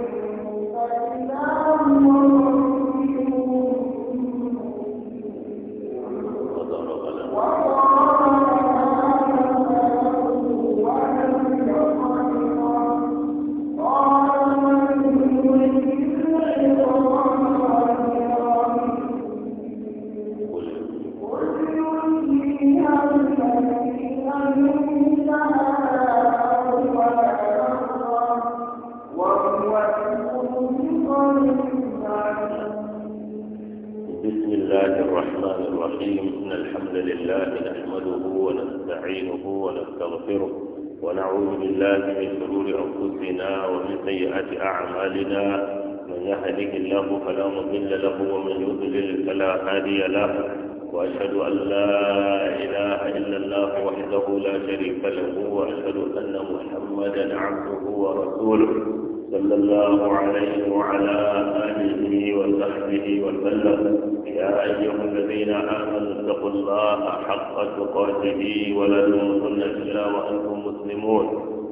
Thank you. مضل له ومن يضلل فلا هادي له وأشهد أن لا إله إلا الله وحده لا شريك له وأشهد أن محمدا عبده ورسوله صلى الله عليه وعلى آله وصحبه وسلم يا أيها الذين آمنوا اتقوا الله حق تقاته ولا تموتن إلا وأنتم مسلمون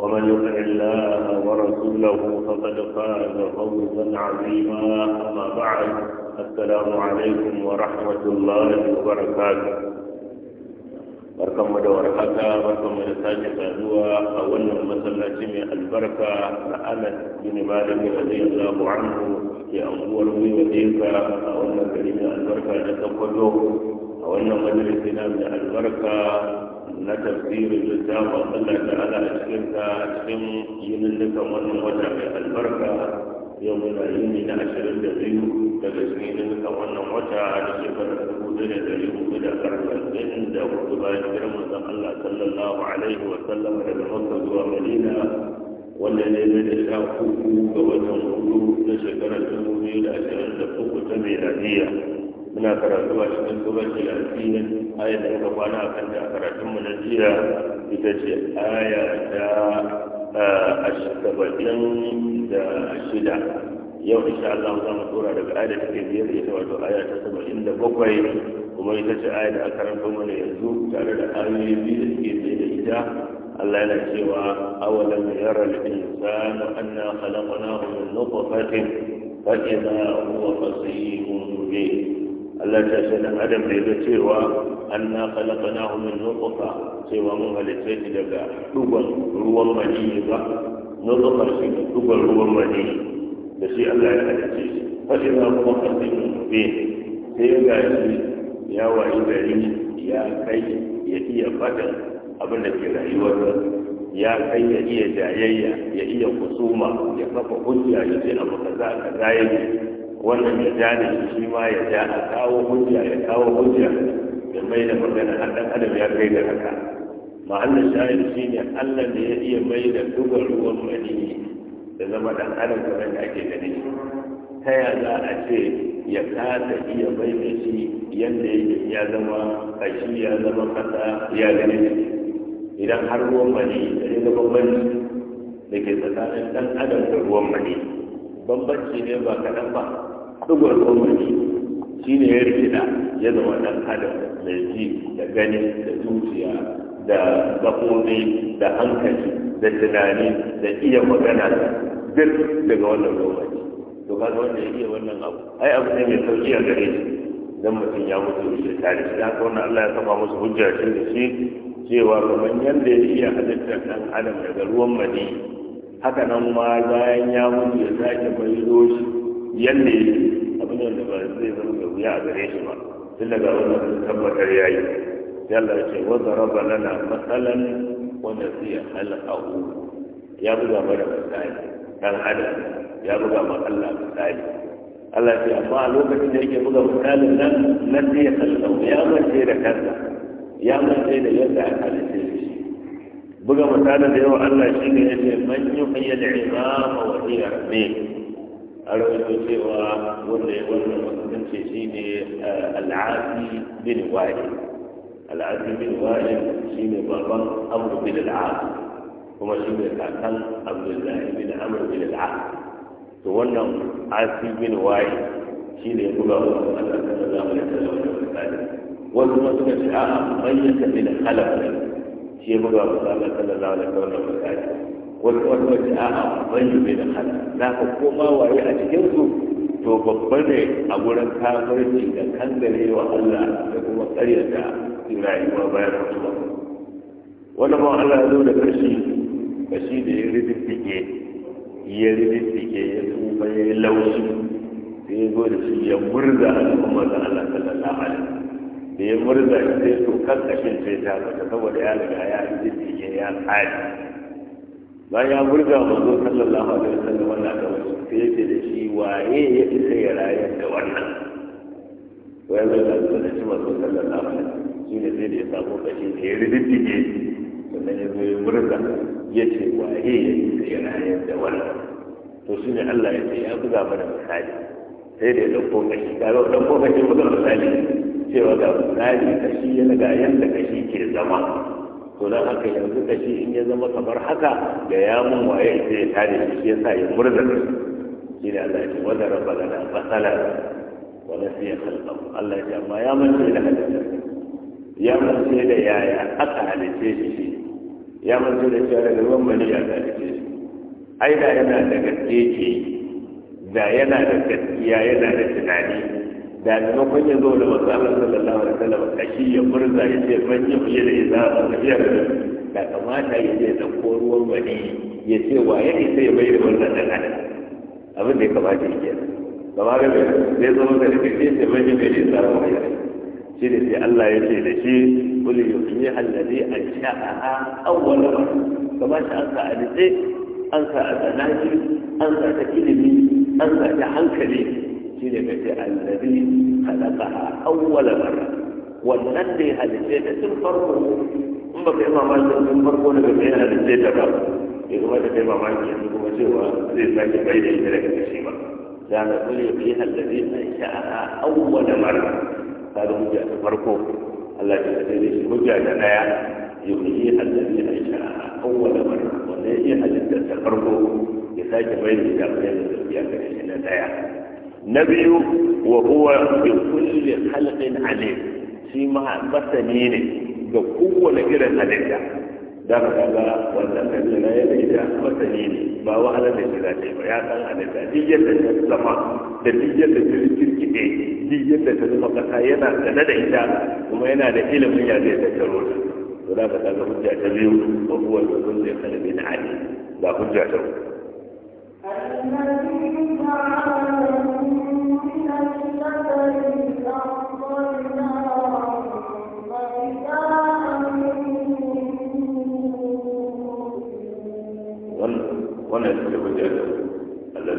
ومن يطع الله ورسوله فقد فاز فوزا عظيما اما بعد السلام عليكم ورحمه الله وبركاته barkanmu da warhaka barkanmu da sake saduwa a wannan masallaci mai albarka na anas bin malik radiyallahu anhu ke anguwar wiwa deka a wannan gari mai albarka da tabbato a wannan majalisi na mai albarka na tafsirin littafin Allah ta'ala a cikin ta cikin yinin dukan wannan wata mai albarka yau muna yini na ashirin da biyu daga cikin yinin dukan wannan wata da shekarar dubu da dari hudu da arba'in da hudu bayan jiran manzon Allah sallallahu alaihi wa sallam daga Makka zuwa Madina wanda ne mai da sha uku ga watan hudu na shekarar dubu biyu da ashirin da uku ta miladiyya muna karatu a cikin surar yasin ayar da muka kwana a kanta a karatunmu na jiya ita ce aya ta ashirin da shida yau insha Allah za mu tsora daga aya da take biyar ita wato aya ta saba'in da bakwai kuma ita ce aya da aka ranto mana yanzu tare da ayoyi biyu da suke biye da ita Allah yana cewa awalam yara al-insanu anna khalaqnahu min nutfatin fa idha huwa fasiihun mubin Allah ta ce dan adam bai ga cewa anna khalaqnahu min nutfa cewa mun halitta shi daga dugon ruwan mani ba nutfa shi ne dugon ruwan mani da shi Allah ya halitta shi fa idza huwa qadim bi sai ga shi ya wayi gari ya kai ya iya fadan abin da ke rayuwa ya kai ya iya jayayya ya iya kusuma ya kafa hujja ya ce abu kaza kaza yake wannan ya ja da shi shi ma ya ja a kawo hujja ya kawo hujja da mai da magana har dan adam ya kai da haka ma'anar shahid shi ne allah ne ya iya mai da duba ruwan mani da zama dan adam kamar da ake gani ta ya za a ce ya kasa iya mai da shi yadda yake ya zama kashi ya zama kasa ya gani idan har ruwan mani da ya zama mani da ke tsakanin dan adam da ruwan mani bambanci ne ba kaɗan ba ɗigon tsohonci shi ne ya rikida ya zama ɗan adam mai ji da gani da zuciya da gaɓoɓi da hankali da tunani da iya magana duk daga wannan lokaci to kaga wanda ya iya wannan abu ai abu ne mai sauki a gare shi dan mutum ya mutu shi tare shi haka wannan Allah ya kafa musu hujja shi da shi cewa kamar yadda ya iya halittar ɗan adam daga ruwan mani haka nan ma bayan ya mutu ya sake maido shi yanne abin da ba zai zama da wuya a gare shi ba tun daga wannan tabbatar ya yi yalla ce wata raba lana matsalan wanda zai halakahu ya buga mana misali dan adam ya buga ma Allah misali Allah ce amma a lokacin da yake buga misalin nan na zai halakahu ya mace da kansa ya mace da yadda aka halitta shi buga misalin da yawa Allah shi ne ya ce man yuhiyya al-imama wa hiya rahmin a rawaito cewa wanda ya wannan mutunce shi ne eh, al'asi bin wa'il al'asi bin wa'il shi ne baban amru bin al'as kuma shi ne kakan abdullahi bin amru bin al'as to wannan asi bin wa'il shi ne kuma wannan allah ta zama da ta zama da misali wasu ma suka ce a'a bayyana bin halaf ne shi ya buga wa sallallahu alaihi da wani misali Wani wata wata a ban yi da hana za ka koma waye a cikinsu. to babba ne a wurin kafirci da kangare wa Allah da kuma karyata rayuwa bayan mutuwa wani ma Allah zo da kashi kashi da ya rididdige ya rididdige ya tsufa ya laushi sai ya zo da shi ya murza a cikin manzon Allah sallallahu alaihi da ya murza sai to kan kashin sai ta saboda ya riga ya rididdige ya tsari bayan burga mazo sallallahu alaihi wasallam wannan da wasu sai yake da shi waye ya isa ya rayar da wannan wayan da su da shi manzo sallallahu alaihi wasallam shi ne zai da ya samu kashi da ya riddige sannan ya zo ya burga ya ce waye ya isa ya rayar da wannan to shi ne Allah ya ce ya buga mana misali sai da ya dauko kashi ga dauko kashi buga misali cewa ga misali kashi ya ga yanda kashi ke to don haka yanzu da shi in ya zama kamar haka da ya mun waye sai ya tare shi ya sa ya murza shi ne Allah ya ce wanda rabba na masala wa nasiya khalqahu Allah ya ce amma ya mance da halitta ya mance da yaya aka halice shi ya mance da cewa daga ruwan mali ya halice shi ai da yana da gaske ce. da yana da gaskiya yana da tunani da maimakon ya zo da masu Allah sallallahu alaihi wasallam kashi ya murza ya ce man yi fiye da isa a tafiyar da kamata ya ce ɗauko ruwan wani ya ce wa ya isa ya bai da wannan ɗan adam abin da ya kamata ya ke kama ga mai zai zama da rike ce ce man yi fiye da isa a tafiyar shi ne sai Allah ya ce da shi kuli yuhyi allazi ansha'aha awwal marra kama shi an sa a nitse an sa a tsanaki an sa ta ilimi an sa ta hankali سيدي الذي خلقها اول مره والذي هذه الزيتة تنفرقوا هم في امام مالك تنفرقه لبقيه هل سيدي تنفرقه يقول لك في امام مالك يقول لك هو سيدي مالك بعيد الشرك الشيمه لا نقول يبقيها الذي انشاها اول مره هذا هو جاءت فرقه الذي يقول لك هو جاءت الذي انشاها اول مره والذي هل سيدي تنفرقه يساعد بين الجامعين والجامعين الشيمه na biyu wa huwa bi kulli khalqin alim shi ma masani ne ga kowane irin halitta da ka ga wannan kabila na yi da masani ne ba wahalar da shi zai ba ya san halitta duk yadda ta zama da duk yadda ta kirkide duk yadda ta zama kasa yana sane da ita kuma yana da ilimin ya zai tattaro ta to da ka ga hujja ta biyu wa huwa bi kulli khalqin alim ga hujja ta uku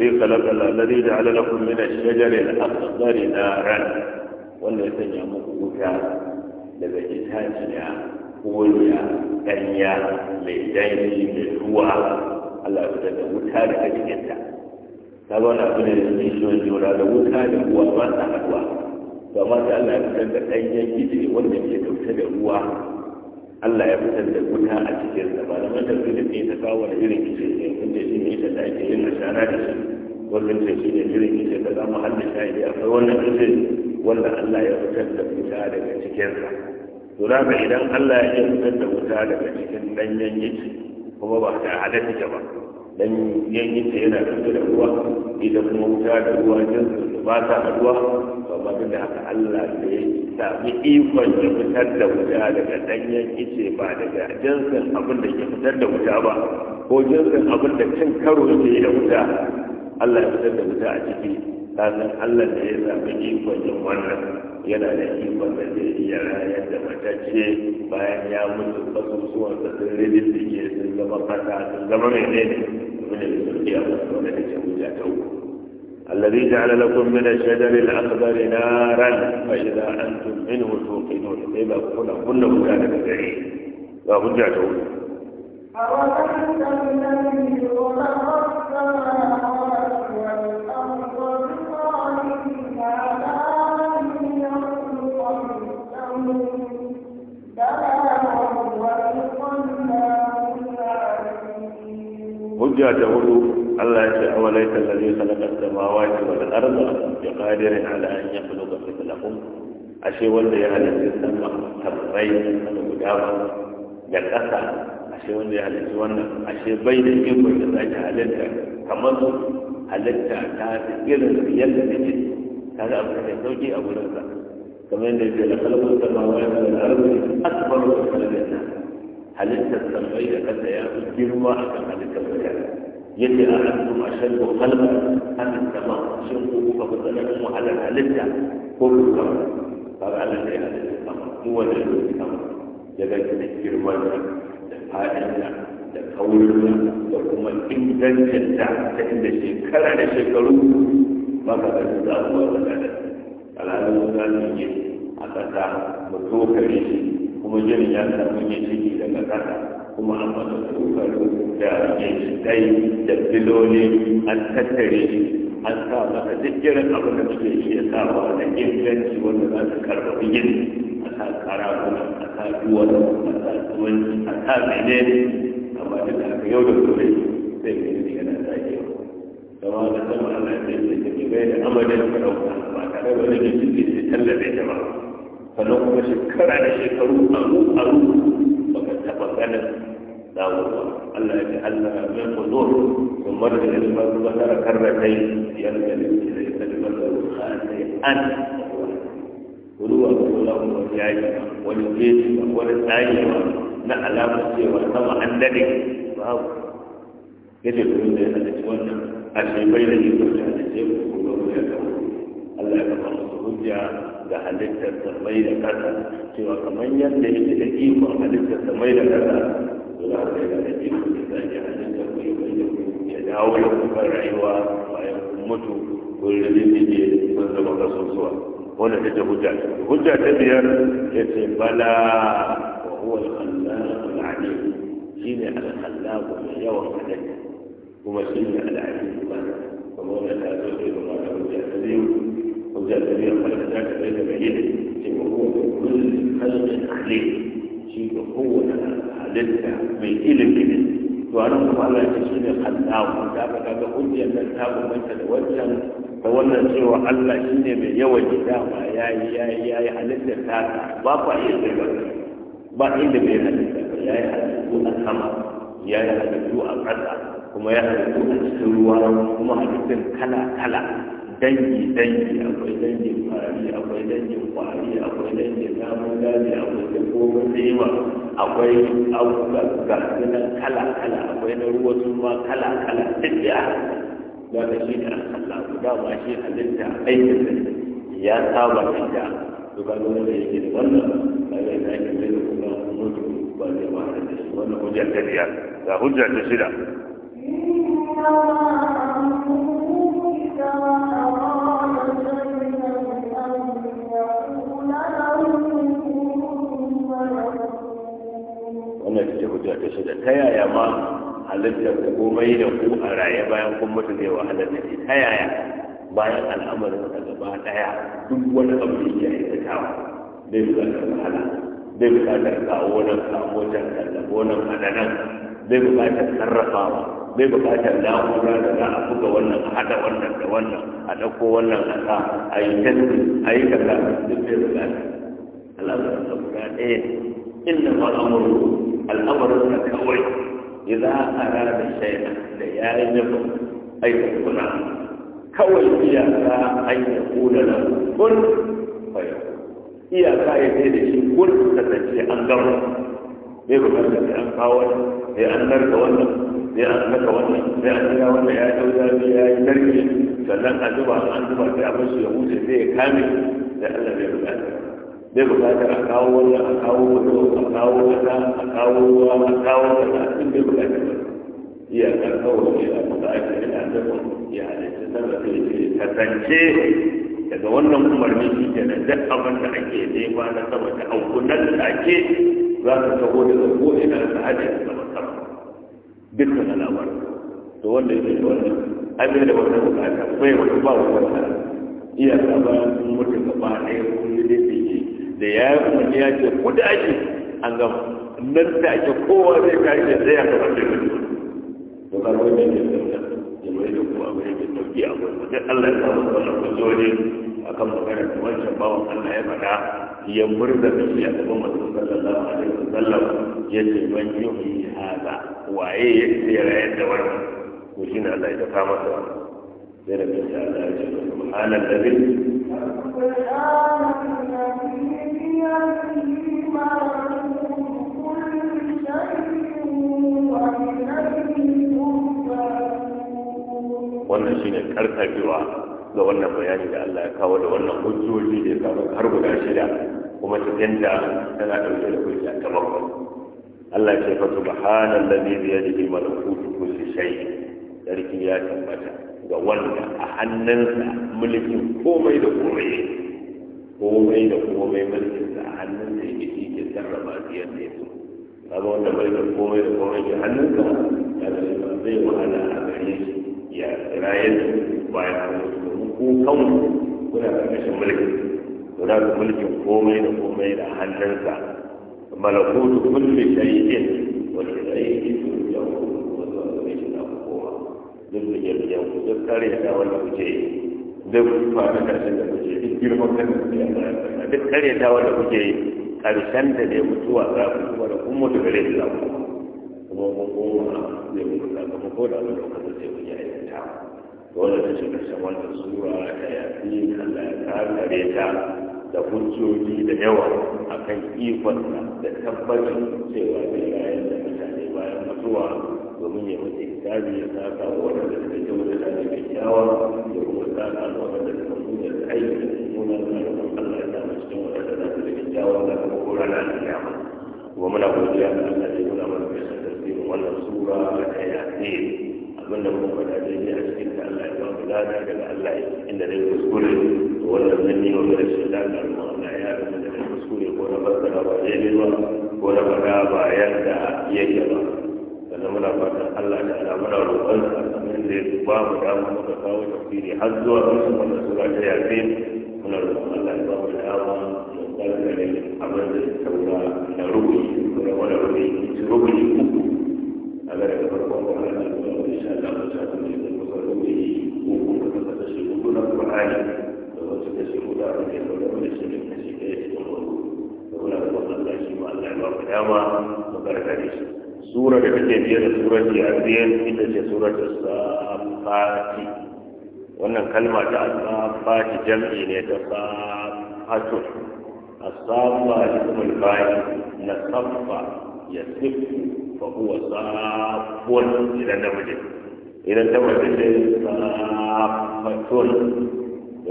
الذي خلق الذي جعل لكم من الشجر الأخضر نارا wannan ya sanya muku wuta daga itaciya koriya ɗanya mai danyi mai ruwa Allah ya fitar da wuta daga cikinta ta ba wani abu ne da mai shiwon jura da wuta da ruwa ba sa haɗuwa to amma sai Allah ya fitar da ɗanyen gidi wanda ke dauke da ruwa Allah ya fitar da wuta a cikin sa malaman tafsiri ne ta kawo wani irin kice da shi ne ita da ake yin ashara da shi wannan ce shi ne irin kice da za mu hada shahidi akwai wannan kice wanda Allah ya fitar da wuta daga cikin sa to da idan Allah ya fitar da wuta daga cikin danyen yake kuma ba ta hada take ba dan yayin ta yana tafiya da ruwa idan kuma wuta da ruwa jinsin su ba ta haduwa to ba duk da haka Allah ne ya ikon ya fitar da wuta daga danyen ice ba daga jinsin abin da ke fitar da wuta ba ko jinsin abin da cin karo ne da wuta Allah ya fitar da wuta a ciki sannan allah da ya zaɓi ikon yin wannan yana da ikon da zai iya rayar da matacce bayan ya mutu kasusuwan da sun rijin da ke sun zama kasa sun zama mai ne ne wani الذي جعل لكم من الشجر الاخضر نارا فاذا انتم منه توقنون اذا كنا كنا كنا كنا كنا كنا كنا كنا كنا hujja ta hudu Allah ya ce a wani lalai salakar samawati wal arda ya qadirin ala an yakhluqa mithlakum ashe wanda ya halitta sama tabbai da guda ba da kasa ashe wanda ya halitta wannan ashe bai da iko da zaki halitta kamar halitta ta irin yadda take kaga abu da sauki a gurin sa kamar yadda ya ce la khalaqu samawati wal arda akbaru min khalqi halittar sammai da kasa ya fi girma a kan halittar mutane yadda a hannun a shan kalmar hannun sama shin ko kuma fi tsananin wahalar halitta ko kuma ba ga Allah da ya halitta sama duk wanda wani halitta sama ya ga da girman da fadin da kawurin da kuma ingancin da ta inda shekara da shekaru ba ka ga su zaɓuwa wadatar alhalin wadatar ne a ƙasa mu zo kare shi kuma jin ya samu ya ciki daga kasa kuma an masa tsokaru da dai da filoli an tattare shi an sa masa duk abu da suke iya sawa da inganci wanda za su karɓi yin a sa kuma a sa duwan a sa tuwanci a sa mene amma duk aka yau da gobe sai mene ne yana zagewa kama da sama ana da yake bai da amadin ka ba tare da wani jinsidai tallafe ta ba sannan kuma shekara da shekaru aru aru baka taɓa ganin dawowa Allah ya ce Allah ya mai kuzur sun mara da yadda masu basara karratai yadda ne ke da yadda da masu rukhasai an ruwa ko lamun wani yayi wani jeji wani tsayewa na alamar cewa sama an dade babu yadda domin da ya halarci wannan a shekai da ke kwanci a cikin kuma ya kawo Allah ya kafa musu hujja da halittar mai da kasa cewa kamar yadda yake da iko a halittar mai da kasa to za ka yana da ikon da sake halittar mai da da ya dawo da kuma rayuwa bayan mutu ko da ne sun zama kasusuwa wannan ita hujja ta hujja ta biyar ya ce bala wa huwa al-khallaq al-alim shine al-khallaq mai yawan halitta kuma shine al-alim ba kuma wannan ta zo da magana ta biyu da وجعل جميع الخلق ذاك بين بعيد هو كل خلق عليه شيء هو halitta mai ilimi ne to anan kuma Allah ya ce ne khallaq da aka ga hujjar da ta bambanta da wancan da wannan cewa Allah shine mai yawan dama yayi yayi yayi halitta ta ba ku iya sai ba ba inda bai halitta ba ya yayi halittu a sama yayi halittu a ƙasa kuma ya halittu a cikin ruwa kuma halittun kala kala dangi dangi akwai dangin fari akwai dangin kwari akwai dangin namun daji akwai dabbobin da yawa akwai abubuwa ga sunan kala kala akwai na ruwa su ma kala kala duk da za ka shi da Allah guda ma shi halitta aikin ya saba da to ga wanda yake da wannan ba zai zaki yi da kuma mutu ba zai ba da shi wannan hujjar ta biyar ga hujjar ta shida suna da ta hujja shida ta yaya ma halitta ku komai da ku a raye bayan kun mutu zai wahalar halitta ne ta yaya bayan al'amarin ka gaba daya duk wani abu da ya aikatawa zai wahala kawo nan kawo can nan sarrafawa na'ura da za a buga wannan a haɗa wannan da wannan a ɗauko wannan a sa a yi a yi kaza duk da guda ɗaya inda al'amarin sa kawai idan arada shay'an da ya yi nufin aikuna kawai iyaka an ya na kun fayo iyaka ya ce da shi kun kasance an gama ne ba ka da an kawo ne an narka wannan ne an narka wannan ne an narka wannan ya dau zafi ya yi narke sannan a zuba an zuba sai a ya wuce sai ya kame Allah zai bukatar a kawo wani a kawo wani a kawo wani a kawo wani a kawo wata sun bai bukatar iya a kawo a kusa ake ina zama ya halitta sarrafa ya ce kasance daga wannan umarni shi ke da duk abin da ake nema na sama ta aukunan da ake za ka kawo da ko ina da hajjar sama sama dukkan alamar to wanda yake da wannan abin da wannan bukata bai wata ba wani iya ka mutum gaba ɗaya kun yi da ya yi umarni ya ce ku da ake an ga nan da ake kowa zai kayi da ya yi da ka zo ne da sauka da mai da kuma abu ne da sauki a gudu duk allah ya samu wannan kuzo ne a kan magana da wancan bawan allah ya faɗa ya murza da shi a gaban masu sallallahu alaihi wasallam ya ce man yi haza. waye ya tsira yadda wannan ko shi ne allah ya dafa masa wannan sai da bisa allah ya ce subhanallahi wannan shi ne karfafewa ga wannan bayani da Allah ya kawo da wannan hujjoji da ya kawo har guda shida kuma da tana ɗauke da a ta bakwai Allah ce fa subhanan ladhi bi yadihi malakutu kulli shay sarki ya tabbata ga wanda a hannunsa mulkin komai da komai komai da komai mulkin a hannun da yake shi ke sarrafa su yadda ya so kaga wanda bai da komai da komai ke hannun ya da ba zai wahala a gare shi ya tsira yadda bayan an mutu domin ko kanku kuna karkashin mulkin to da ka mulkin komai da komai da hannun sa malakutu kulli shay'in wal ilayhi turja'un wa zuwa gare shi duk da yadda ku duk kare da wannan kuke zai kuma ta karshen da kuke duk girman kan kuke a duk kare ta wanda kuke yi karshen da ne mutuwa za ku kuma da kuma da gare da ku kuma kun goma zai mutu da kuma ko da wani lokacin sai kun yi ta dole ta shiga shan wannan sura ta yafi kala, ya kare ta da hujjoji da yawa akan ikon da tabbacin cewa zai rayar da mutane bayan mutuwa domin ya mutu misali ya saka waɗanda suka kyautata da kyakkyawa da kuma saka da waɗanda suka da aiki da nuna da roƙon Allah ya samu cikin waɗanda za su da kyakkyawa da kuma ko rana da kyawa kuma muna godiya ga Allah da nuna mana mai tasirin wannan sura ta yasin abin da muka faɗa daidai a cikin ta Allah ya ba mu lada daga Allah inda na kuskure wannan zan yi wa rashin lada Allah ya yi da na kuskure ko na ta ba daidai ba ko na faɗa ba yadda yake ba sannan muna fatan Allah ta ala muna roƙon sa kamar da ya ba mu dama muka kawo tafsiri har zuwa ƙarshen wannan sura ta yafe muna roƙon Allah ya ba mu dama mu tsarkare abin da ya saura na rubuci da wani rubuci rubuci uku a ga daga farkon wannan da ya zo insha Allah mu sa kuma ya zama rubuci uku da kuma kashi uku na Qur'ani da wasu kashi uku da abin da ya saura da shi ne kashi ɗaya cikin wani da muna roƙon Allah shi ma Allah ya ba mu dama mu karkare shi sura da take biyar da a yaziyan ita ce surar safati wannan kalma ta safati jam'i ne ta safatu asafa ismul bayi na safa ya sifu fa huwa safun idan da muje idan ta mace ce safatun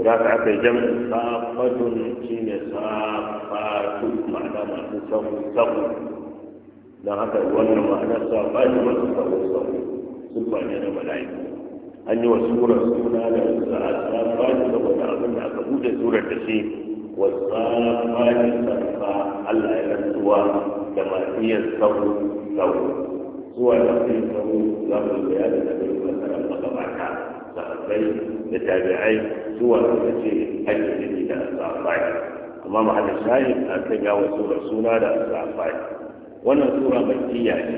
da ka aka yi jam'i safatun shine safatu ma'ana masu sabu sabu don haka wannan ma'ana sa ba da masu sabon sabon sun ba ne na mala'iku an yi wa surar suna da sa'a ba da saboda abin da aka buɗe surar da shi والصافات الصفا ألا ينسوا كما هي الصوم صوم سوى نفسه صوم له البيان النبي صلى الله عليه وسلم صحابي لتابعي سوى نفسه أجل إلى الصافات أما محل الشاهد أن تجاوزوا رسولنا الصافات wannan sura makkiya ce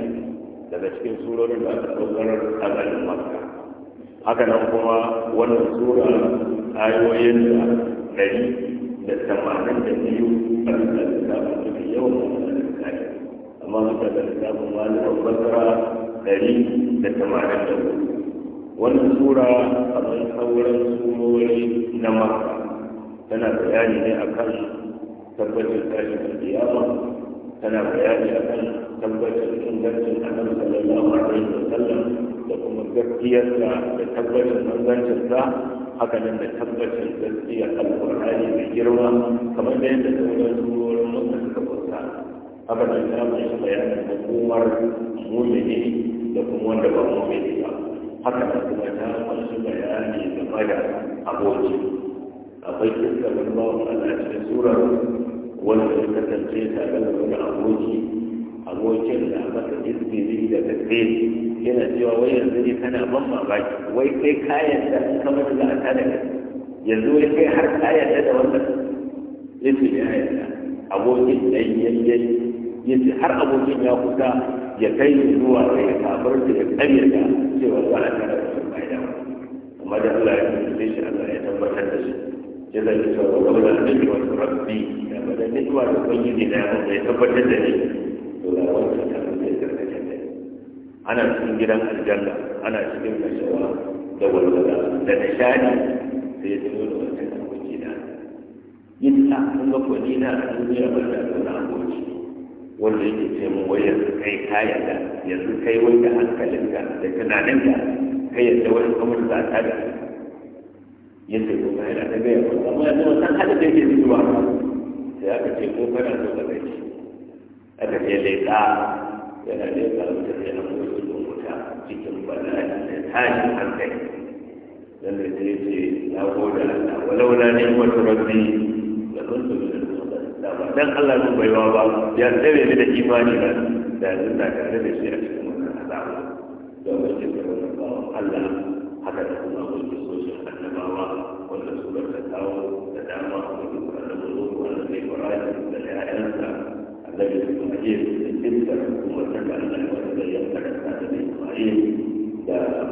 daga cikin surorin da aka tsokarar azalin makka haka nan kuma wannan sura ayoyin da ɗari da tamanin da biyu a bisa lissafin suke yawan da lissafi amma suka da wani babban basra ɗari da tamanin da biyu. wannan sura kamar sauran surori na makka tana bayani ne akan tabbacin tashin kiyama tana bayani a kan tabbatar ingancin annabi sallallahu alaihi wa sallam da kuma gaskiyarsa da tabbacin manzancinsa haka nan da tabbacin gaskiya alƙur'ani mai girma kamar da yadda sauran surorin musa suka kusa haka nan ta mai bayanin hukumar mumini da kuma wanda ba mumini ba haka nan kuma ta mai bayani game da aboki akwai kiskar bawan Allah cikin surar wanda ya kasance tare da wani aboki abokin da masa izini da gaske yana cewa wai yanzu ne kana ban mamaki wai kai kayan da an kama da a tada yanzu wai kai har kayan da wannan ya ce ya yarda abokin ɗan yayyayi ya ce har abokin ya kusa ya kai zuwa ga ya kafar da ya karya da cewa ba a tada ka sun bayan amma da Allah ya kasance shi Allah ya tabbatar da shi ya zai ta wa wani da nake wani rabbi ya bada nitwa da ubangiji na yawon da ya tabbatar da ni to da wani ta kan zai karkace ne ana cikin gidan aljanna ana cikin kashewa da walwala da nishadi sai ya zo da wancan aboki na yin ta kun ga kwani na a duniya ba da zauna aboki wanda yake ce mun wai yanzu kai kaya da yanzu kai wanda hankalinka da tunaninka kai yadda wani kamar za ta da yadda zai yi amma yanzu wannan halin da yake zuwa sai aka ce ko kana so ka zai aka ce leƙa yana leƙa wata sai na mutu da wuta cikin bala'i da tashin hankali dan da ya ce na gode Allah walaula ne wata rabbi da kuntu min da ba dan Allah ne baiwa ba ya tsare ni da imani na da na tare da shi a cikin wannan azaba domin cikin wannan Allah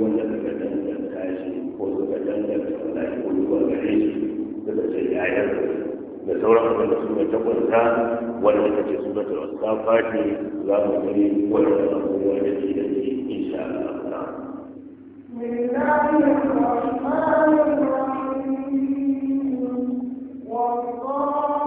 wanda suka danganta shi ko suka danganta Allah ko zuwa gare shi suka ce yayar da sauran abin da suka tabbata wanda suka ce su bata wasa fashi za mu gani wannan abubuwa da ke da shi insha Allah. والله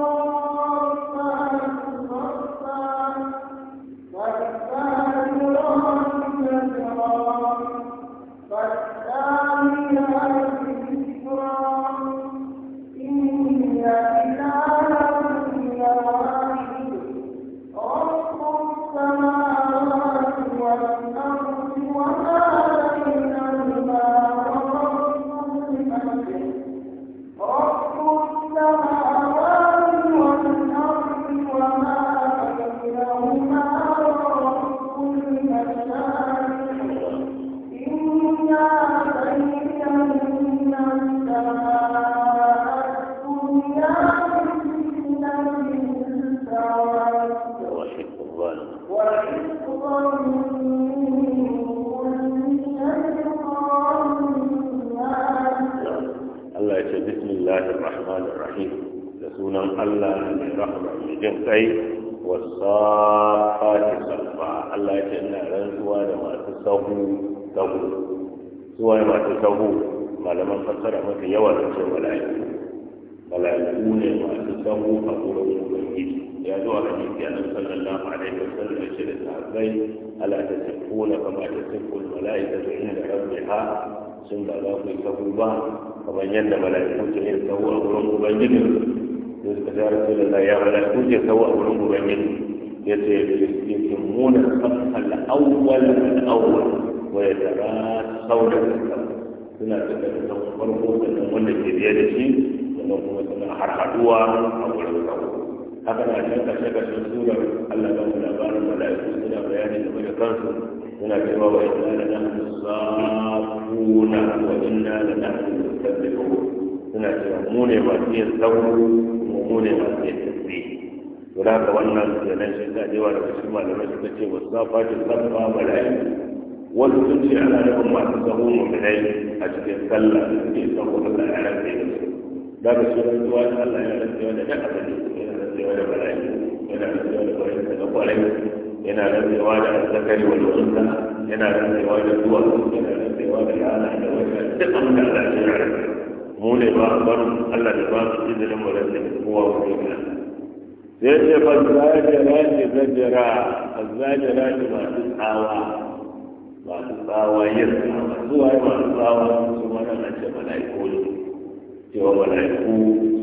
kamar fassara maka yawa da ce mala'iku mala'iku ne masu sahu a gurin ubangiji ya zo a hadisi annabi sallallahu alaihi wasallam ya ce da sahabbai ala tasifuna kama tasifu al-mala'ikatu inda rabbiha sun ba za ku yi sahu ba kamar yadda mala'iku ke yin sahu a gurin ubangiji sai suka ce rasulullahi ya mala'iku ke sahu a gurin ubangiji ya ce yusimmuna al-awwal al-awwal wa yatarasawna al-awwal suna daga da farko sannan wanda ke biye da shi sannan kuma suna harhaduwa a wurin kawo haka na can kashe kashe surar allah ba mu labarin mala'iku suna bayani game da kansu suna cewa wa inna la nahnu safuna wa inna la nahnu mustabiqun suna cewa mu ne masu yin sauro mu ne masu yin tasbih to da wannan da nan shi ta da yawa daga cikin malamai suka ce wasu safatin safa mala'iku wasu sun ce ana nufin masu sahu mu'minai a cikin sallah da suke sahu Allah ya rantsa da su da ga shi rantsuwa da Allah ya rantsa da duk abin da yana rantsuwa da bala'i yana rantsuwa da bala'i da kwarai yana rantsuwa da zakari wal unsa yana rantsuwa da zuwa yana rantsuwa da yana da wata duk abin da Allah ya rantsa mu ne ba barin Allah da ba su izinin mu rantsa kowa ko yana sai ce fazzajira ce zajira fazzajira ce masu tsawa masu tsawa yin zuwa yi masu tsawa su ma kana ce mala'iku ne cewa mala'iku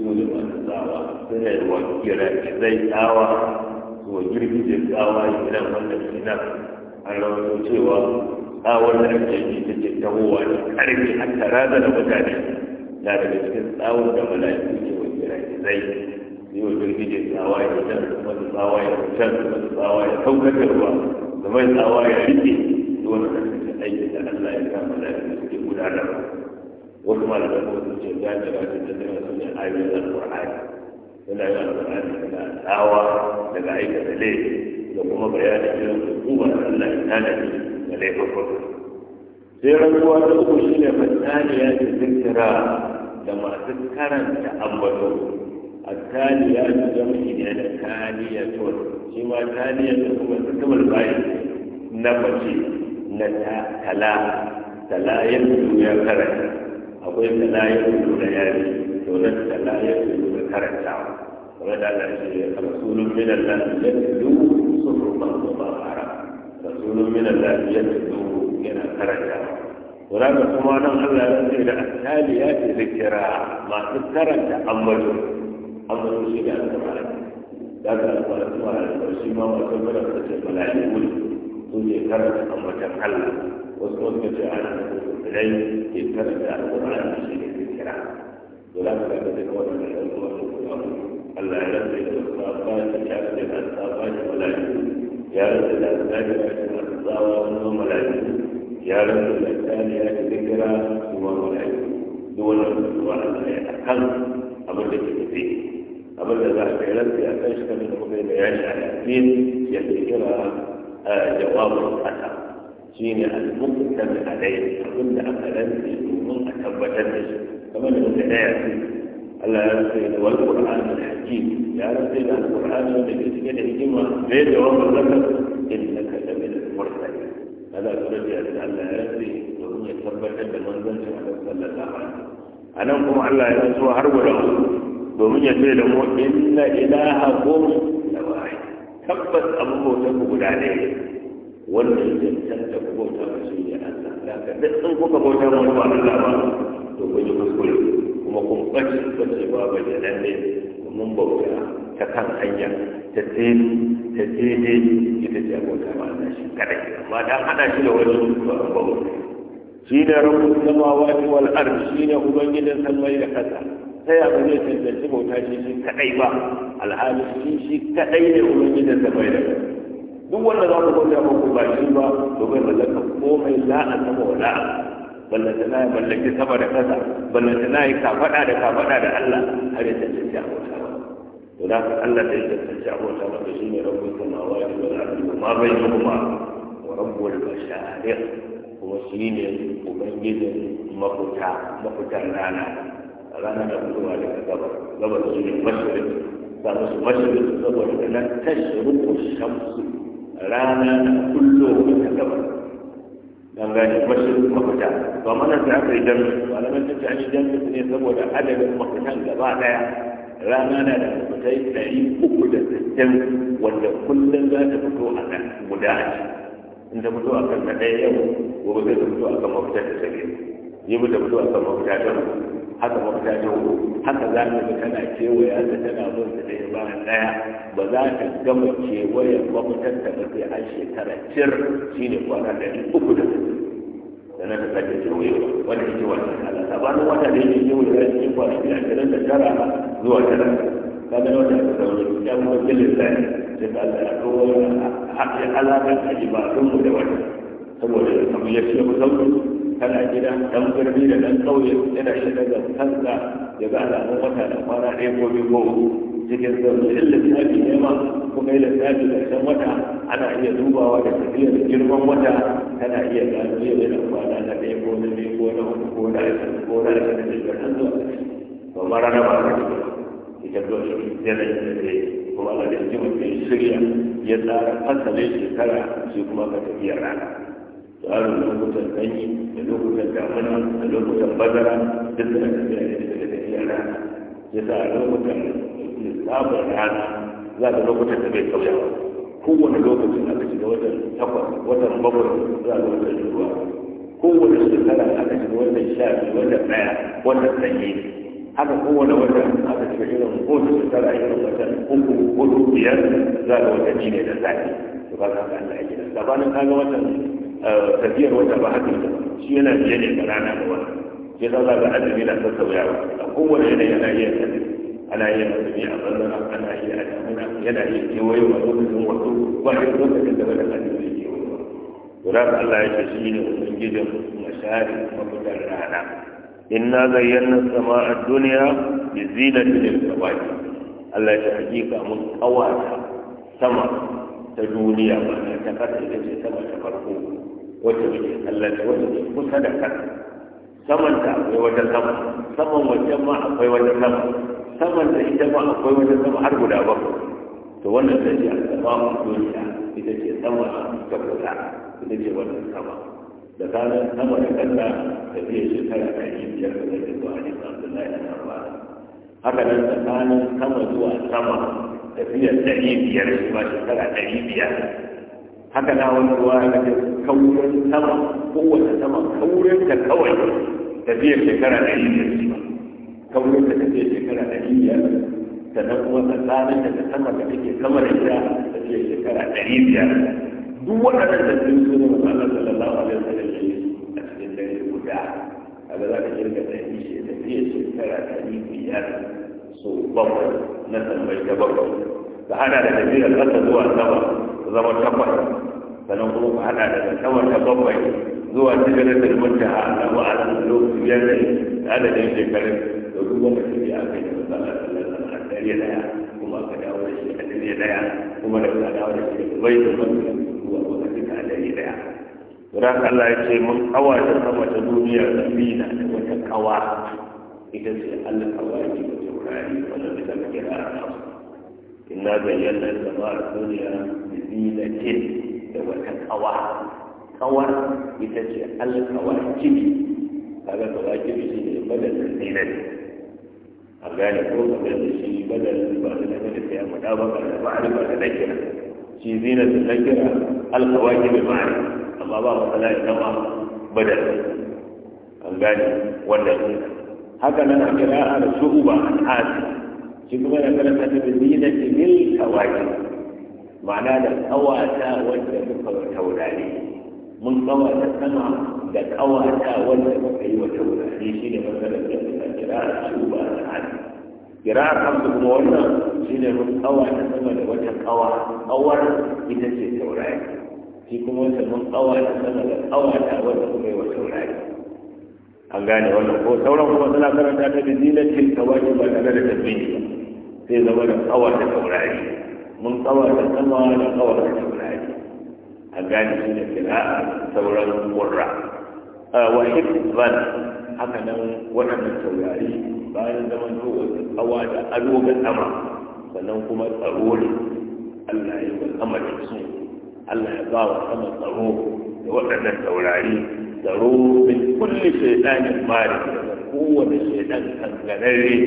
su ne masu tsawa yawan yi wa zai tsawa su wa da tsawa gidan wanda gidan an rawato cewa tsawar da ake yi ta ce tahowa da ƙarfi a tara da mutane na daga cikin tsawon da mala'iku ne wa zai yi wa da tsawa ya can masu tsawa ya can masu tsawa ya saukar da mai tsawa ya rike dole na cikin aiki da Allah ya kama da ya suke ba, wasu malamai kuma sun ce ya ce rashin da su ne ayoyin alƙur'ani yana yin alƙur'ani daga tsawa daga aikata da kuma bayanin irin kuma Allah ya tanadi da laifukan sai rantsuwa ta uku shi ne fasaniya da zikira da masu karanta ambato التالية جمعين يعني تالية شما تالية تكون تكمل باي نمشي na tala tala ya fito ya karanta akwai tala ya fito na yari to na tala ya fito na karantawa kamar da Allah shi ya kama sunan min Allah ya fito sufurman da rasulun min Allah ya fito yana karantawa ولكن masu karanta لا نزيد التاليات ذكرى ما تذكرت أمره أمره شيئا كما لك ذاك القرآن كما لك وشيما وكبرت تجمع العلم وجه كرد أما تحل وصول كتير على نفسه في كرد القرآن الشيء الكرام ولكن لا بد أن أورد من الأمور الأمور الله يرد إلى الصافات يشارك إلى الصافات ولا يجوز يرد إلى الزاجة إلى الضاوة وهم لا يجوز يرد إلى الثانية الذكرى وهم لا يجوز دون الأمور الأمور الأقل أمر لك فيه أمر لك فيه أمر لك فيه أمر لك فيه أمر لك فيه أمر لك فيه jawabin kasa shi ne al-muktam alai abin da aka rantsi domin a tabbatar da shi kamar da muka daya su Allah ya rantsi da wal Qur'an al-Hakim ya rantsi da al-Qur'an da ke da hikima وهم يتبت بمنزل صلى الله عليه وسلم أنا أقوم على يسوع هرب له ومن يسير إن إلهكم tabbas abin ta ku guda ne wanda ya cancanta ku bauta ba shi ne Allah da ka duk kuka bauta ba ba Allah ba to ku ji kuskure kuma kun bace bace ba ba da nan ne mun bauta ta kan hanya ta tsere ta tsere ita ce bauta ba Allah shi kadai amma dan hada shi da wani ba bauta shi ne rabbul samawati wal ardi shi ne ubangijin sammai da kasa ta ya ba zai cancanci bauta shi shi kadai ba alhali shi shi kadai ne ubangijin da bai da duk wanda za ku bauta ba ku ba shi ba to bai mallaka komai la a sama wala ballanta na ya mallaki sama da kasa ballanta na ya kafaɗa da kafaɗa da Allah har ya cancanci a bauta ba to da haka Allah ta yi cancanci a bauta ba to shine rabbul samawati wal ardi wa ma bainahuma wa rabbul mashariq kuma shine ubangijin mafuta mafutan rana rana da fitowa daga gabas gabas su ne mashirin ba su mashirin saboda nan tashirin ko shamsu rana na kullo daga gabas dan gani mashirin mafita ba mana sai aka yi jami'i malaman ta ce an yi jami'i ne saboda adadin mafitan gaba daya rana na da mafitai ɗari uku da sittin wanda kullum za ta fito a nan guda in ta fito a kan na ɗaya yau gobe zai ta fito a kan mafita ta ta biyu yi ta fito a kan mafita ta biyu taho haka za ka ga tana kewaya da tana bin ta ɗaya bayan ɗaya ba za ka gama kewayen mafitar ta ba sai an shekara cir shi ne kwana ɗari uku da sana ta sake kewayewa wanda ita wannan ala sabanin wata da yake kewaye da cikin biya ashirin da tara zuwa tara kaga wata ta zaune ya kuma filin zai da ta Allah ya kawo alaƙar mu da wata saboda kamar ya ce mu zaune kana gida dan birni da dan kauye yana iya daga kanka ya ga alamun wata da kwana ɗaya ko biyu ko cikin zarurin lissafi ne ma kuma yi lissafi ƙarshen wata ana iya dubawa da tafiyar girman wata tana iya gano yau da kwana na ɗaya ko na biyu ko na hudu ko na ashirin ko na ashirin da biyar har zuwa ba ma rana ba ta ita zuwa shi yanayin da ta kuma ana da jimin ya shirya ya tsara fasalin shekara shi kuma ka tafiyar rana tsarin lokutan sanyi da lokutan damuna da lokutan bazara duk suna tafiya ne daga tafiyar rana ya sa lokutan lissafin rana za ka lokutan da bai sauya kowane lokacin aka shiga watan takwas watan bakwai za a lokutan ruwa kowane shekara aka shiga watan sha biyu watan ɗaya watan sanyi haka kowane wata aka shiga irin kowace shekara irin watan uku hudu biyar za a watanni ne da zafi to ba za ka Allah ake da sabanin kaga watan tafiyar wata ba haka ba shi yana biye ne da rana da wata shi yasa za ga azumi na sassauyawa a kowane yanayi ana iya azumi ana iya azumi a bangaren ana iya azumi yana iya kewaye wa lokacin wato ba shi lokacin da wata azumi ne kewaye to da Allah ya ce shi ne ubangijin mashari mafitar rana inna zayyana sama'a duniya bi zinatin al-kawaki Allah ya ce hakika mun kawata sama ta duniya ba ta kasa ita ce sama ta farko wata muke allah wacce ke kusa da kan saman ta akwai wata sama saman wancan ma akwai wata sama saman da ita ma akwai wata sama har guda ba to wannan ta ce al'amarin duniya ita ce sama ta kusa ita ce wannan sama da kanan sama da kanta ta fiye shekara yi biyar da zai zuwa ne na Abdullahi na Abba haka nan tsakanin sama zuwa sama tafiyar ɗari biyar shi ma shekara ɗari biyar haka na wani ruwa ya ce kaurin sama kowace sama kaurin ta kawai tafiyar shekara kaurin ta shekara biyar kuma da sama da take da ɗari biyar duk waɗannan sallallahu alaihi yi a cikin dare guda kaga za ka kirga ɗari shi shekara biyar so bakwai na tambayi da bakwai ka hada da tafiyar ƙasa zuwa sama ta zama takwas sannan kuma ka hada daga sama ta bakwai zuwa cikin da muntaha a samu a cikin lokaci biyar ne da adadin shekarun da duk goma shi ne aka yi masala sallallahu a dare daya kuma ka dawo da shi a dare daya kuma da ka dawo da shi bai da mutum zuwa lokaci a dare daya Ran Allah ya ce mun kawa da sama ta duniya da mina da wata kawa ita ce Allah kawai da taurari wanda da kira a إنا بينا السماء الدنيا بزينة وتقوى قوى يتجي الكواكب هذا كواكب شيء بدل الزينة أغاني كوكا بدل الشيء بدل بدل بدل فيها بعد معرفة نكرة شي زينة النكرة الكواكب المعرفة أما بعض فلا إنما بدل أغاني ولا هكذا أنا قراءة شعوبة عن عاصمة شكما لما تبدينا من الكواكب معناه ده وجه والدفق والتولاني من قوة السمع ذات وجه والدفق والتولاني شين مثلا قراءة شوبا عن قراءة خمس مولنا شين من قوى السمع وجه قوة أول إذا شين تولاني في شكما من قوة السمع ذات أواتى والدفق والتولاني an gane wannan ko sauran kuma suna karanta ta da zinatin kawai ba tare da tafiye ba sai zama da tsawar da saurari mun tsawar da sama da tsawar da saurari an gane shi da kira'a sauran kurra wa hikman haka nan waɗannan saurari bayan zaman towa da tsawa da ado ga sama sannan kuma tsaro ne Allah ya yi wa sama da su Allah ya ba wa sama tsaro da waɗannan saurari tsaro min kulli shaytanin mari kowane shaytan kangarare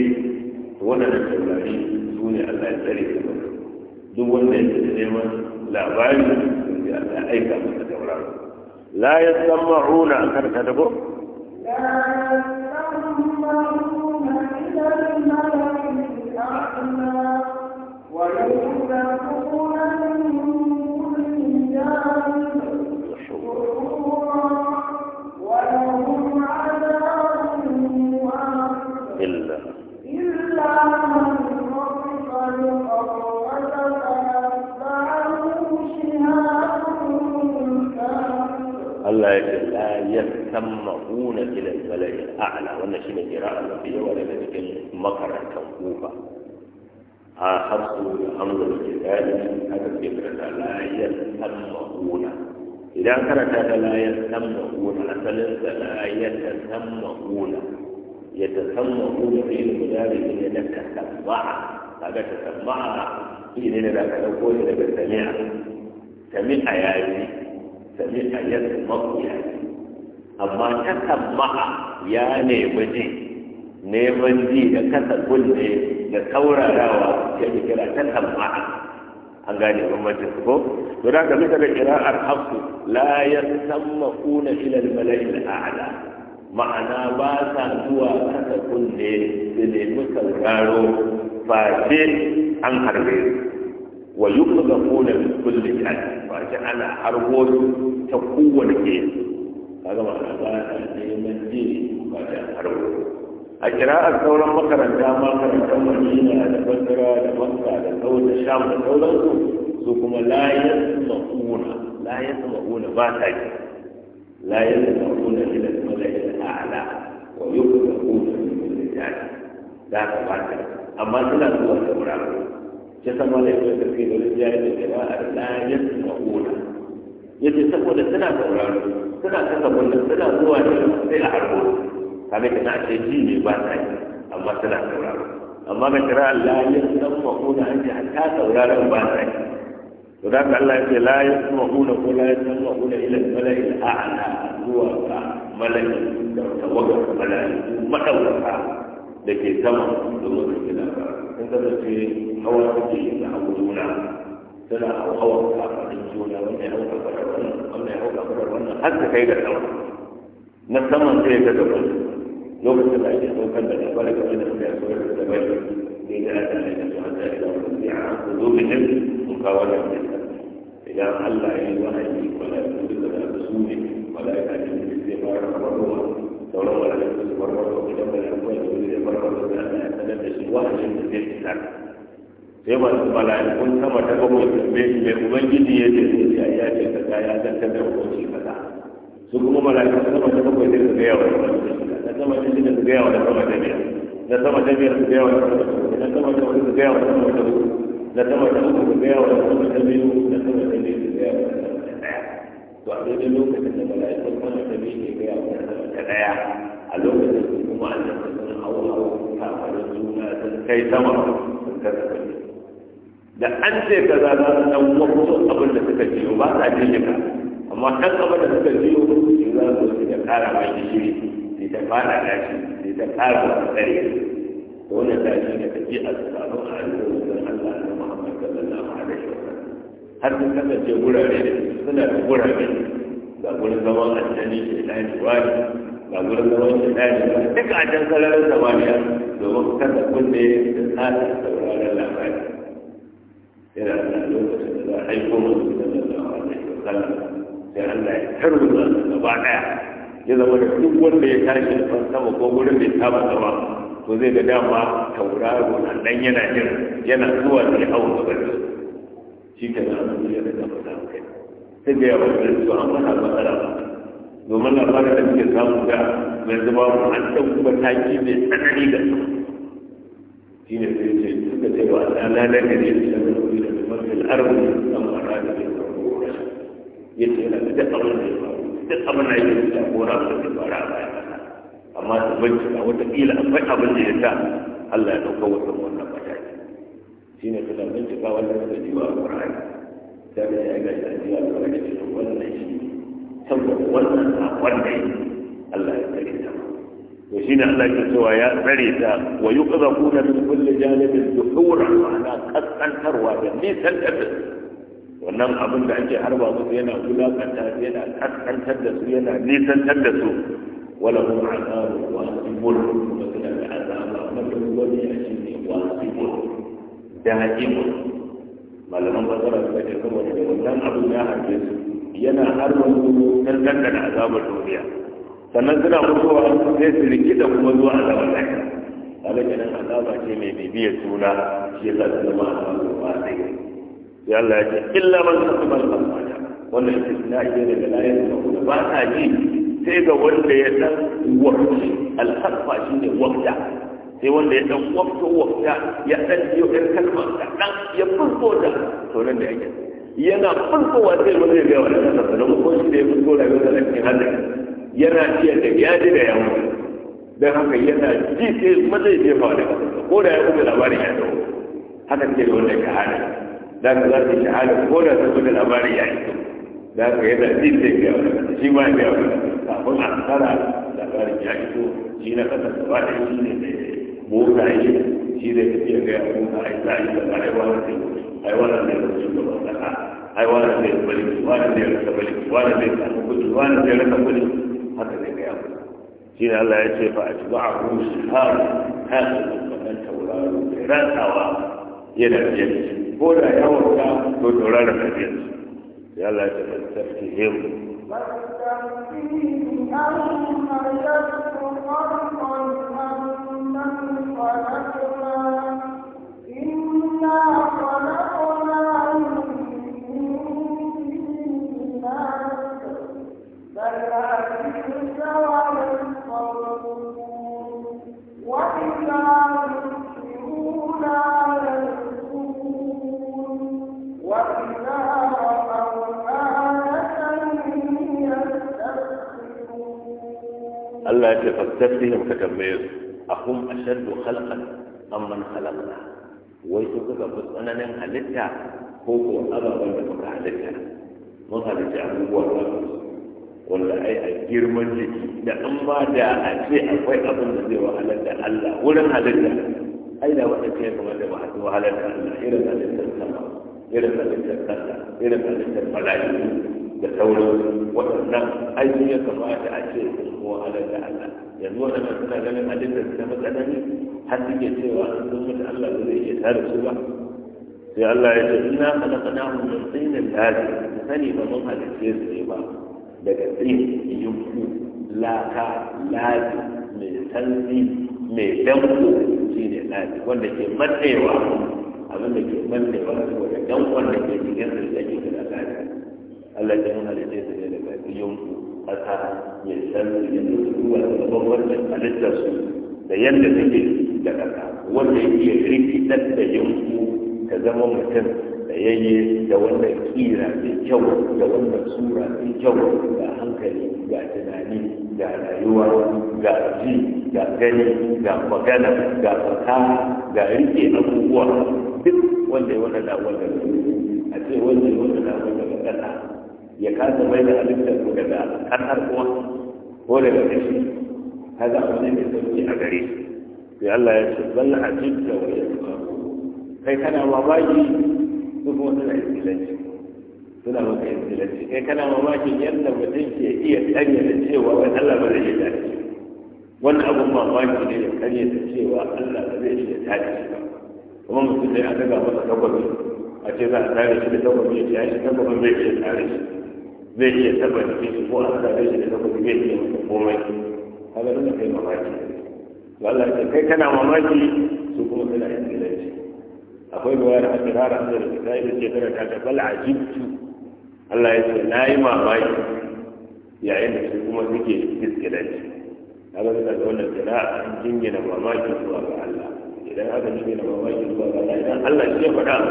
wannan taurari su ne Allah ya tsare ka duk wanda yake neman labari sai Allah aika masa tauraro la yasma'una kar ka dago لا يهتمون إلى الملأ الأعلى وأن شين قراءة في ولا ذلك مكر كوكوبا آخرت الامر الجبال هذا الفكرة لا يهتمون إذا كانت هذا لا يسمعون أسلمت لا يتسمعون يتسمعون في المدار إن تسمع هذا تسمع إن لك لو كنت سمع سمع يعني sami a yadda mafiya amma kasan maha ya nemi ji neman ji da kasa kunne da saurarawa ya fi kira kasan maha an gane bambancin su ko to da ka bisa da kira, hafsu la yasamma'una filar malayi malail a'la ma'ana ba sa zuwa kasa kunne su nemi sauraro fashe an harbe su wa yuqlaquna min kulli jihad wa ja'ala harbu ta kowane ke kaga ma ba neman ji ba ta harbu a kira a sauran makaranta ma makarantar madina da basra da makka da sauran sham da sauransu su kuma la yasma'una la yasma'una ba ta ji la yasma'una ila al-mala'ikati a'la wa yuqlaquna min kulli jihad da ka ba ta amma suna zuwa sauraro ya da wani yau da kai da rijiyar da jama'ar layan ma'una ya ce saboda suna sauraro suna kasa wannan suna zuwa ne sai a harko kaga kana ce ji ne ba ta yi amma suna sauraro amma ga kira layan dan ma'una an ce ta sauraron ba ta yi to da ka Allah ya ce la yasma'una ko la yasma'una ila al-mala'i al-a'la zuwa ga mala'i da tawaga mala'i madawaka da ke sama domin su kira انتبهت أول حديث يحولون سنة أو أول يحولون وأن يحوك أكبر وأن يحوك أكبر وأن حتى كيد الأول نفسما في كتب لو كنت بعيد لو كان بني ولك من الناس ولك الزواج إلى أن يتحدى إلى ربيع عن قلوبهم مقاولة إلى أن لا يلوى ولا يكون ولا بسوء ولا يكون باستغفار الرحمن sauran malamai su su barbato idan bai yi da ana sanar da shi da zai sama ta shi mai ubangiji ya ce ya ya ce kaza ya da hukunci kaza su kuma sama ta su gaya wa da na sama ta su gaya wa da sama ta biyar na sama ta biyar su gaya wa da sama ta uku na sama ta su gaya wa da sama ta uku na sama ta su gaya wa da sama ta biyu su gaya wa da to a daidai lokacin da sun kuma da ne ga yawon ta daya a lokacin da kuma an da sun hau hau kamarin juna sun kai sama sun kasa kai da an ce ka za za su dan wasu abin da suka jiyo ba sa jiyo ka amma kan abin da suka jiyo shi za su su da kara ma gishiri sai ta fara gashi sai ta kara wasu tsari wannan tashi ne ta ji a tsakanin har sun kasance wurare suna da wurare ga wurin zaman aljani ke da wani ga wurin zaman ke dani wani duka a can sararin samaniya domin kasa kunne da tsarin sauraron labari yana da lokacin da za a haifo musu da lalata da ke kala sai Allah ya tarbuta su gaba ɗaya. ya zama da duk wanda ya tashi da sama ko wurin da ya saba zama to zai ga dama tauraro nan yana jira yana zuwa da ya hau gaban su shi ke da abin da ya rika fata kai sai da yawa da su an fata matsala domin labarin da muke samu ga mai zuba mu an ɗan kuma taki mai tsanani da su shi ne sai ce suka ce wa tsana na gari da shi da kuma da mafi al'arwa da mara da ke faruwa ya ce yana da duk abin da ya faru duk abin da ya faru da kora da ya faru a baya amma ta bincika wataƙila akwai abin da ya sa Allah ya ɗauka wasan wannan mataki shi ne suna bincika wannan suka ji wa ƙwarai da ga ya ga tarbiyya da wani cikin wannan shi saboda wannan sakon da yi Allah ya tsare ta to shi ne Allah ke cewa ya tsare ta wa yuqzaquna min kulli janibin duhura ma'ana kaskantarwa da nisan da wannan abin da ake harba musu yana wulakanta yana kaskantar da su yana nisantar da su Wala kuma ولهم عذاب واجب ومثل العذاب مثل ولي أجل واجب دائم malaman basara suka ce saboda da wannan abin ya harbe su yana harbin gudu don dangana azabar duniya sannan suna mutuwa sai su rikida kuma zuwa a azabar lahira kaga kenan azaba ce mai bibiyar suna shi yasa ta zama azabar ba sai sai Allah ya ce illa man kasaba al-fasada wannan istisna ne daga layin da ba ta ji sai ga wanda ya san waqti al-hasfa ne waqta sai wanda ya dan wafta wafta ya dan yi ɗan kalmar kaɗan ya fulko da to nan da yake yana fulkowa sai wanda ya gaya wa kasa da ko shi da ya fulko da yau da ɗan yana iya da ya ji da yawa dan haka yana ji sai mazai jefa da ko da ya kuma labari ya dawo haka ke da wanda shahada da ka ko da sai kuma labarin ya yi da ka yana ji sai gaya shi ma ya gaya kafin a tsara labarin ya yi shi na kasa ba ɗaya shi ne yi shi zai tafiya ga ya kuma a isa yi da aiwa na zai da na rasu da wasaka aiwa na zai bali wa na zai rasa bali wani da zai samu kudi wa na zai rasa kudi haka zai ga ya kuma shi ne Allah ya ce fa a tuba a rusu har da wannan tauraro mai rantsawa yana biyar ko da yawon ka to tauraron ka biyar sai Allah ya ce fa tafi التي قد تبدهم تكميز أهم أشد خلقا أم من خلقنا ويسوك فقط أنا نعم حلتها هو هو أبا وين فقط حلتها مظهر جعب هو أبس ولا أي أجير من جديد لأما جاء أسيح في أبن الذي وحلتها ألا ولم حلتها أين وقت كيف وقت وحلتها وحلتها ألا إرم أن تتسمع إرم أن تتسمع إرم أن تتسمع da sauran waɗannan aiki ya kamata a ce kuma halar da Allah yanzu waɗannan suna ganin halittar ta matsanani har suke cewa an san mutu Allah ba zai iya tare su ba sai Allah ya ce ina halakana mu min tsinin lafi ku sani ba mun halarce su ne ba daga tsin yunku laka lafi mai sanzi mai danko shi ne lafi wanda ke matsewa abin da ke matsewa saboda dankon da ke cikin da ke da lafi Allah ya nuna da jinsu ne daga yunku ƙasa ya san yadda su ruwa da bambancin halittar su da yadda suke da ƙasa wanda ya riki rikitar da yunku ka zama mutum da yayye da wanda kira mai kyau da wanda sura mai kyau ga hankali ga tunani ga rayuwa ga ji ga gani ga magana ga fasaha ga rike abubuwa duk wanda ya wanda da wanda a ce wanda ya wanda da ya kasa mai da halittar ku daga ƙasar kuma ko daga ƙashi haka abu ne mai sauki a gare shi sai Allah ya ce balla a jidda wa ya kai kana mamaki su kuma suna istilanci suna maka istilanci kai kana mamakin yadda mutum ke iya da cewa wai Allah ba zai iya tashi wannan abun mamaki ne ya da cewa Allah ba zai iya tashi ba kuma mutum sai aka ga masa takwami a ce za a tare shi da takwami ya tashi takwami bai iya tare shi zai iya saba jikin shi ko an zaɓe shi da lokaci zai iya masa komai kaga nuna kai mamaki Allah ya kai kana mamaki su kuma suna yin gilanci akwai ruwa da aka rara da ta yi ce kada ta tabbal ajibtu Allah ya ce na yi mamaki yayin da su kuma suke gilanci kaga suna da wannan kira an jingina mamaki zuwa ga Allah idan aka jingina mamaki zuwa ga Allah idan Allah shi ya faɗa ka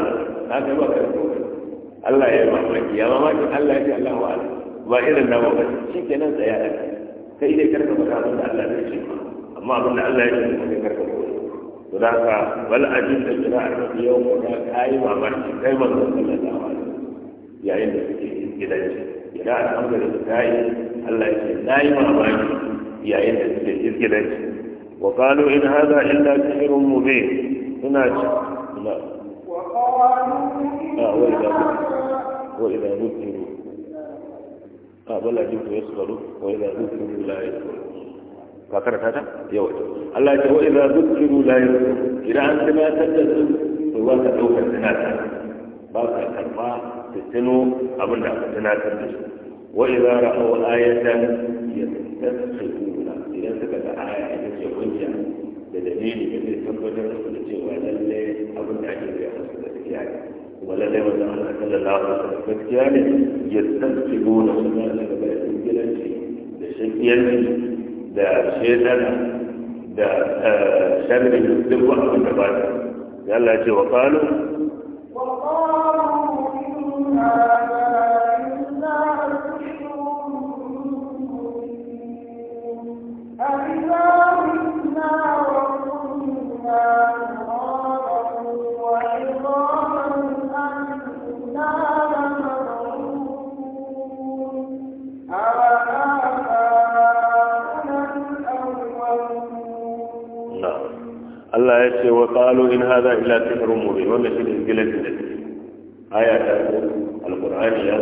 kai ba kai komai Allah ya mamaki ya mamaki Allah ya ce Allah wa ala ba irin na ba shi kenan tsaya da kai kai dai karka faɗa abin da Allah ya ce amma abin da Allah ya ce kai karka ba to da ka bal ajin da kira a rafi yau ko da kai mamaki kai manzon sallallahu alaihi yayin da suke gidan shi ila alhamdulillah kai Allah ya ce nayi mamaki yayin da suke gidan shi وقالوا إن هذا إلا سحر مبين هنا لا وقالوا إن هذا وإذا ذكروا قابل أجبت يسخروا وإذا ذكروا لا يسخروا فكرت هذا؟ يوجد الله يقول وإذا ذكروا لا يسخروا إذا أنت ما تجدوا فواك دوك الزناتة باك كرما تتنو أبنى الزناتة وإذا رأوا آية يستسخرون إذا سكت آية يسخرون بدليل lallai manzon Allah sallallahu alaihi gaskiya ne ya tsanci gona suna daga bayan gidanci da shakiyanci da shedana da eh, sharri duk wani abin da ba ta ya Allah ce wa qalu wa qalu Allah ya ce wa qalu in hadha mu sihrun mubin wannan shi ne gilan da aya ta alqur'ani ya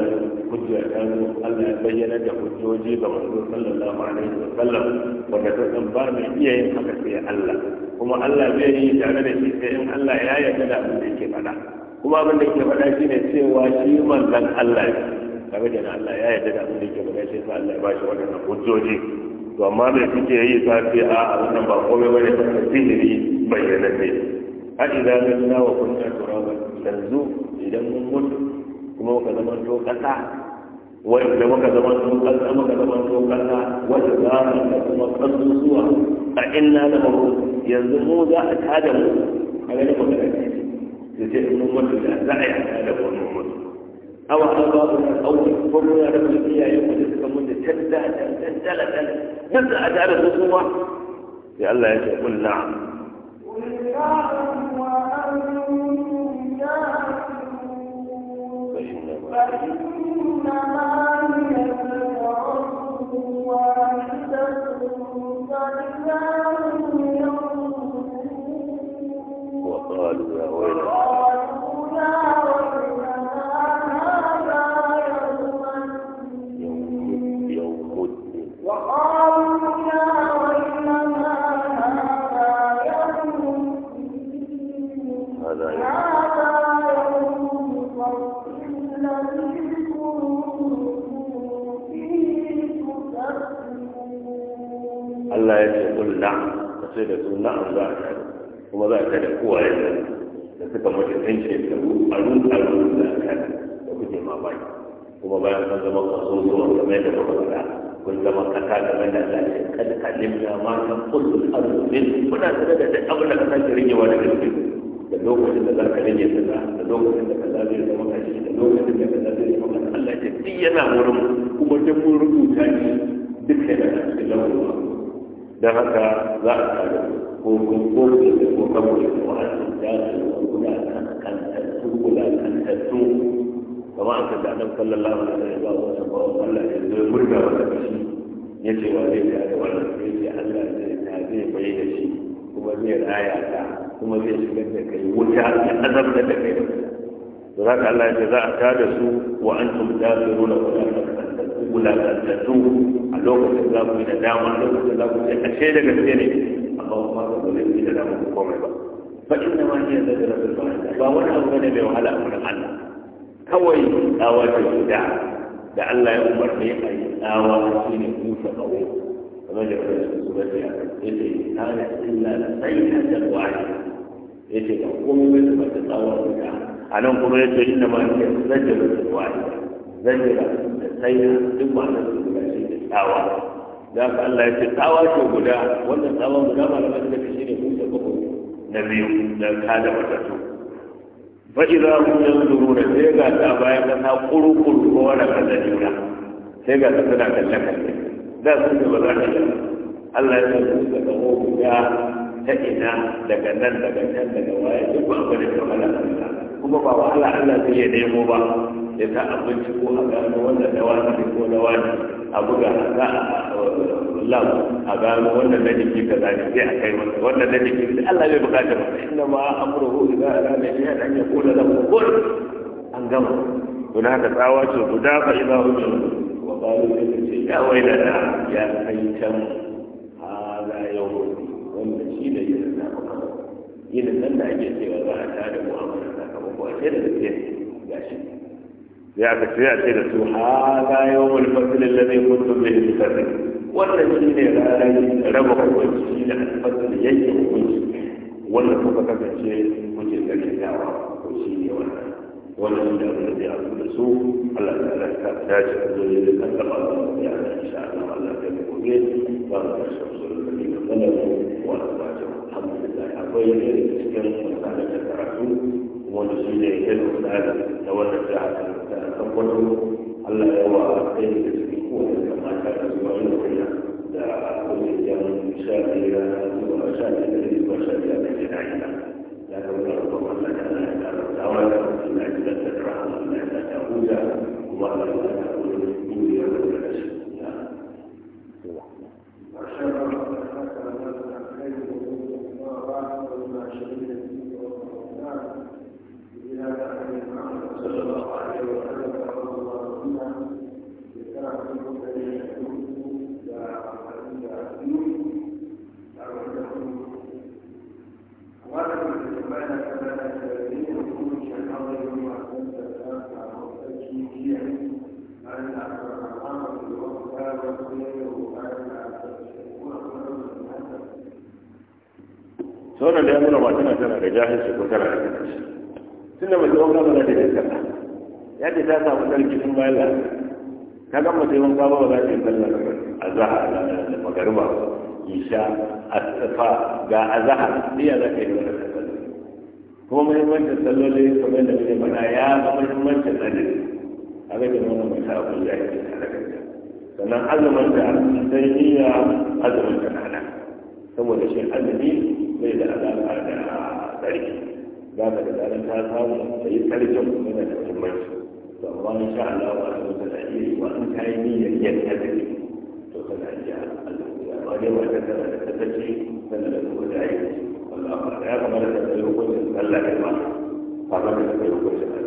hujja ta Allah ya bayyana da hujjoji ga manzo sallallahu alaihi sallam wanda ta san ba iya yin haka sai Allah kuma Allah zai yi tare da shi sai Allah ya yarda da abin da yake kuma abin da yake faɗa shine cewa shi manzon Allah ne game Allah ya yarda da abin da yake faɗa shi Allah ya hujjoji to amma mai suke yi ta ce a wannan ba komai bane ta sihiri bayyana ne a idan ka tuna wa kunna turaba yanzu idan mun mutu kuma muka zama to kasa wanda muka zama to kasa muka zama to kasa wanda za mu da kuma kasusuwa a inna na mu yanzu mu za a tada mu a ga da magana ce ce mun mutu da za a yi da mu أو من الأول فمن يعرف الإياء يقول فمن تدهدا تدلة مثل أجعل الخصومة يا الله يقول نعم قل نعم. na ka ce da su na'am za a tare kuma za a tare kowaye da da suka mace tance da a runta runta a tare da kuke mamaki kuma bayan sun zama kaso zuwa game da mabarata kun zama kasa game da lafiya kada kalimna ma ta kullu arzikin kuna tare da duk abin da ka sake rinyewa da gaske da lokacin da za ka rage kaza da lokacin da kaza zai zama kashi da lokacin da ka zai zama kaza Allah ya ce yana wurin kuma duk mun rubuta shi duk da cikin lafiya don haka za a tsara ko ko da ko kamar da wa'azin da su kula kan kantattu kula kantattu kamar an kan da annabi sallallahu alaihi wa sallam wata bawan Allah ya zo murna wata kashi ya ce wa zai ta da wannan sai ce Allah zai ta zai bai da shi kuma zai raya ta kuma zai shigar da kai wuta ya azabta da kai da za ka Allah ya ce za a tada su wa antum dafiruna wa la taqtadu wulatattu a lokacin za ku yi da dama a lokacin za ku yi a ce da gaske ne amma kuma ka zo da yi da dama ku komai ba ba fa inna ma hiya zadratul ba'd ba wani abu ne mai wahala a wurin Allah kawai tsawa ta guda da Allah ya umarni a yi tsawa shi ne kusa kawo kamar da kuma su ce ta yace kana illa la sayyidatan ya ce ba komai ba ta tsawa guda a nan kuma ya yace inna ma hiya zadratul wahida zanjira da tsaina duk ma'anar su guda shi ne tsawa da haka Allah ya ce tsawa ce guda wannan tsawon guda malamai da ce shi ne musa bakwai na biyu da kada matatu fa'iza hun yanzu da sai ga ta bayan kasa kuru-kuru ko wani da juna sai ga ta suna kalle-kalle da su ne ba za ta yi Allah ya ce musa bakwai guda ta ina daga nan daga can daga waya, duk ba a gwada ta wahala kuma ba wahala Allah zai nemo ba da ta abinci ko a gano wannan da wani ko na wani a buga za a lam a gano wannan na jiki ka zane sai a kai wanda wanda na jiki sai Allah bai bukata ba inda ma amruhu idza arada shay'an an yaqula da kun an gama don haka tsawa ce guda fa idza hum wa qalu ya wailana ya kai can hada yawm wanda shi da yin da yin nan da ake cewa za a tada mu'amala sakamako a ce da gaske shi. لأن سيأتي رسول هذا يوم الفصل الذي كنتم به تفرحون والذين لا ربحوا الفصل أن الفصل يجب ولكم فقط شيء مجد لك يا رب وشيني ولا ولا الذي أرسل رسول الله تعالى كتاب تاج الدنيا لكتاب الله يعني إن شاء الله الله كان مؤمن ولا تشرب الذين خلفوا ولا تواجهوا الحمد لله أبويا لأنك تشكر الله تعالى كتاب رسول wanda shi ne ya kai da da wannan da aka da tabbatar Allah ya wa kai da shi ko da mata da zuwa yin da kuma yan sha biyar zuwa sha biyar zuwa sha biyar sauran da ya nuna ba tana tana da jahilci ko tana da kanci tunda da sai wanka ba za ta yi sallah ya ce ta samu sarki sun bayan lafiya ta gama sai wanka ba ba za ta yi sallah a zahar da magariba isha asfa ga azhar diya za ka yi wannan sallah kuma muhimmancin salloli kamar da muke faɗa ya ga muhimmancin adadi a ga da wannan mai sabon da yake sannan azumin da sai niyya azumin da nana saboda shi azumi bai da alaƙa da tsarki za ka da zarar ta samu da yi tsarkin yana da muhimmanci to amma in sha Allah wa ta mutu da iya yi wa an ta yi niyyar yadda da ke to kana iya alhamdulillah amma dai ba ta tana da tattace tana da kuma da aiki wallah ba ya kamata ta tsaye hukuncin Allah da ba ba ta tsaye hukuncin